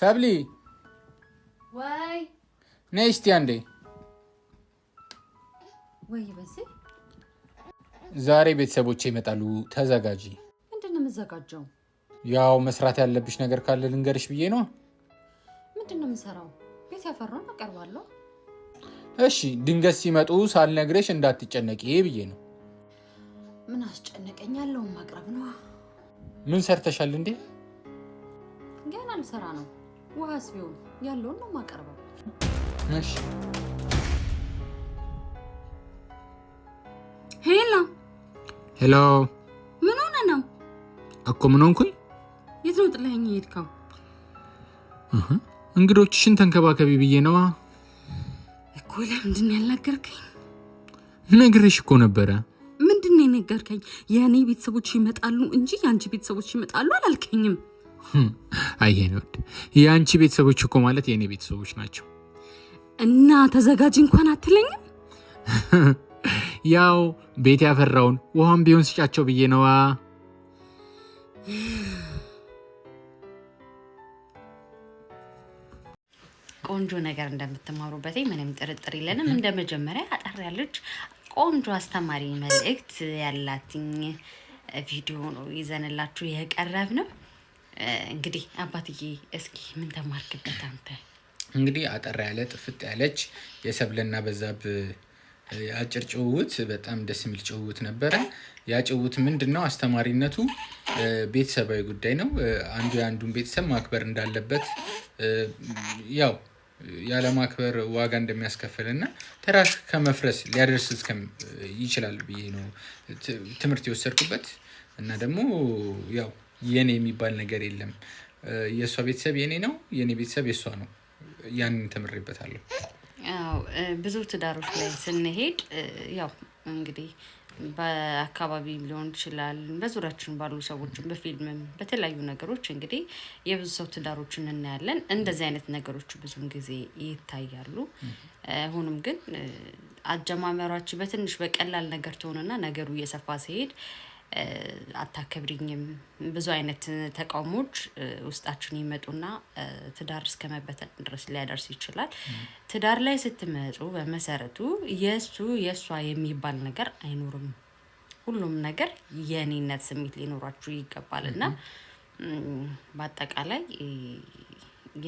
ሰብሊ ወይ ነይ እስቲ አንዴ። ወይ በዚህ ዛሬ ቤተሰቦቼ ይመጣሉ፣ ተዘጋጂ። ምንድን ነው የምዘጋጀው? ያው መስራት ያለብሽ ነገር ካለ ልንገርሽ ብዬ ነው። ምንድን ነው የምሰራው? ቤት ያፈራውን አቀርባለሁ። እሺ፣ ድንገት ሲመጡ ሳልነግረሽ እንዳትጨነቂ ብዬ ነው። ምን አስጨነቀኝ? ያለውን ማቅረብ ነው። ምን ሰርተሻል እንዴ? ገና ልሰራ ነው ውሃስ ቢሆን ያለውን ነው የማቀርበው። እሺ ሄሎ ሄሎ፣ ምን ሆነ ነው እኮ? ምን ሆንኩኝ? የት ነው ጥለኸኝ የሄድከው? እንግዶችሽን ተንከባከቢ ብዬ ነዋ እኮ። ለምንድን ነው ያልነገርከኝ? ነግሬሽ እኮ ነበረ። ምንድን ነው የነገርከኝ? የእኔ ቤተሰቦች ይመጣሉ እንጂ የአንቺ ቤተሰቦች ይመጣሉ አላልከኝም። አይ ወድ የአንቺ ቤተሰቦች እኮ ማለት የእኔ ቤተሰቦች ናቸው። እና ተዘጋጅ እንኳን አትለኝም? ያው ቤት ያፈራውን ውሃም ቢሆን ስጫቸው ብዬ ነዋ። ቆንጆ ነገር እንደምትማሩበት ምንም ጥርጥር የለንም። እንደ መጀመሪያ አጠር ያለች ቆንጆ አስተማሪ መልእክት ያላትኝ ቪዲዮ ነው ይዘንላችሁ የቀረብ ነው። እንግዲህ አባትዬ እስኪ ምን ተማርክበት አንተ? እንግዲህ አጠር ያለ ጥፍጥ ያለች የሰብለና በዛብ አጭር ጭውውት በጣም ደስ የሚል ጭውውት ነበረ። ያ ጭውውት ምንድን ነው አስተማሪነቱ? ቤተሰባዊ ጉዳይ ነው። አንዱ የአንዱን ቤተሰብ ማክበር እንዳለበት ያው ያለማክበር ዋጋ እንደሚያስከፍል እና ተራስ ከመፍረስ ሊያደርስ ይችላል ብዬ ነው ትምህርት የወሰድኩበት እና ደግሞ ያው የኔ የሚባል ነገር የለም። የእሷ ቤተሰብ የኔ ነው፣ የኔ ቤተሰብ የእሷ ነው። ያንን ተምሬበታለሁ። ብዙ ትዳሮች ላይ ስንሄድ ያው እንግዲህ በአካባቢ ሊሆን ይችላል። በዙሪያችን ባሉ ሰዎችን በፊልምም በተለያዩ ነገሮች እንግዲህ የብዙ ሰው ትዳሮችን እናያለን። እንደዚህ አይነት ነገሮች ብዙን ጊዜ ይታያሉ። ሆኖም ግን አጀማመሯች በትንሽ በቀላል ነገር ትሆንና ነገሩ እየሰፋ ሲሄድ አታከብሪኝም ብዙ አይነት ተቃውሞች ውስጣችን ይመጡና ትዳር እስከ መበተን ድረስ ሊያደርስ ይችላል። ትዳር ላይ ስትመጡ በመሰረቱ የእሱ የእሷ የሚባል ነገር አይኖርም። ሁሉም ነገር የእኔነት ስሜት ሊኖራችሁ ይገባል እና በአጠቃላይ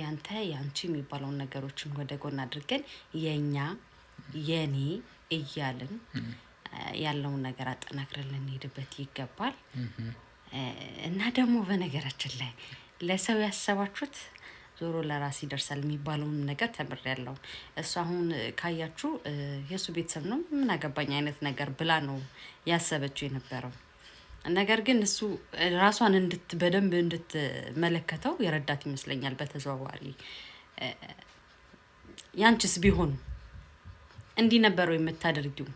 ያንተ ያንቺ የሚባለውን ነገሮችን ወደ ጎን አድርገን የእኛ የእኔ እያልን ያለውን ነገር አጠናክረን ልንሄድበት ይገባል እና ደግሞ በነገራችን ላይ ለሰው ያሰባችሁት ዞሮ ለራስ ይደርሳል የሚባለውን ነገር ተምሬያለሁ። እሱ አሁን ካያችሁ የእሱ ቤተሰብ ነው ምን አገባኝ አይነት ነገር ብላ ነው ያሰበችው የነበረው። ነገር ግን እሱ ራሷን እንድት በደንብ እንድትመለከተው የረዳት ይመስለኛል በተዘዋዋሪ። ያንቺስ ቢሆን እንዲህ ነበረው የምታደርጊው?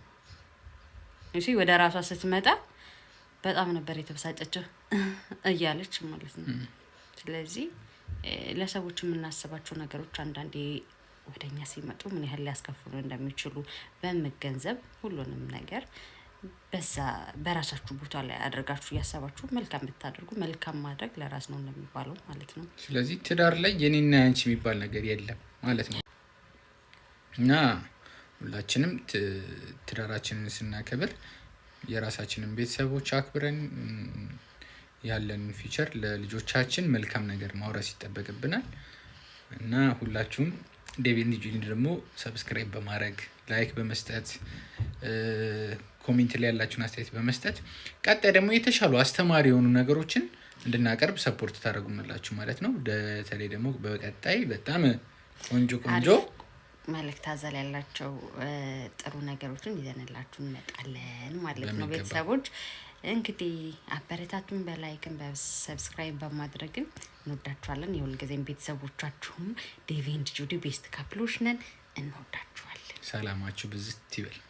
እሺ ወደ ራሷ ስትመጣ በጣም ነበር የተበሳጨችው እያለች ማለት ነው። ስለዚህ ለሰዎች የምናስባቸው ነገሮች አንዳንዴ ወደኛ ሲመጡ ምን ያህል ሊያስከፍሉ እንደሚችሉ በመገንዘብ ሁሉንም ነገር በዛ በራሳችሁ ቦታ ላይ አድርጋችሁ እያሰባችሁ መልካም ብታደርጉ መልካም ማድረግ ለራስ ነው እንደሚባለው ማለት ነው። ስለዚህ ትዳር ላይ የኔና ያንቺ የሚባል ነገር የለም ማለት ነው እና ሁላችንም ትዳራችንን ስናከብር የራሳችንን ቤተሰቦች አክብረን ያለንን ፊቸር ለልጆቻችን መልካም ነገር ማውረስ ይጠበቅብናል እና ሁላችሁም ዴቪድ ጁኒ ደግሞ ሰብስክራይብ በማድረግ ላይክ በመስጠት ኮሜንት ላይ ያላችሁን አስተያየት በመስጠት ቀጣይ ደግሞ የተሻሉ አስተማሪ የሆኑ ነገሮችን እንድናቀርብ ሰፖርት ታደረጉምላችሁ ማለት ነው። በተለይ ደግሞ በቀጣይ በጣም ቆንጆ ቆንጆ መልእክት አዘል ያላቸው ጥሩ ነገሮችን ይዘንላችሁ እንመጣለን ማለት ነው። ቤተሰቦች እንግዲህ አበረታቱን፣ በላይክን በሰብስክራይብ በማድረግን እንወዳችኋለን። የሁልጊዜም ቤተሰቦቻችሁም ዴቪንድ ጁዲ ቤስት ካፕሎች ነን። እንወዳችኋለን። ሰላማችሁ ብዝት ይበል።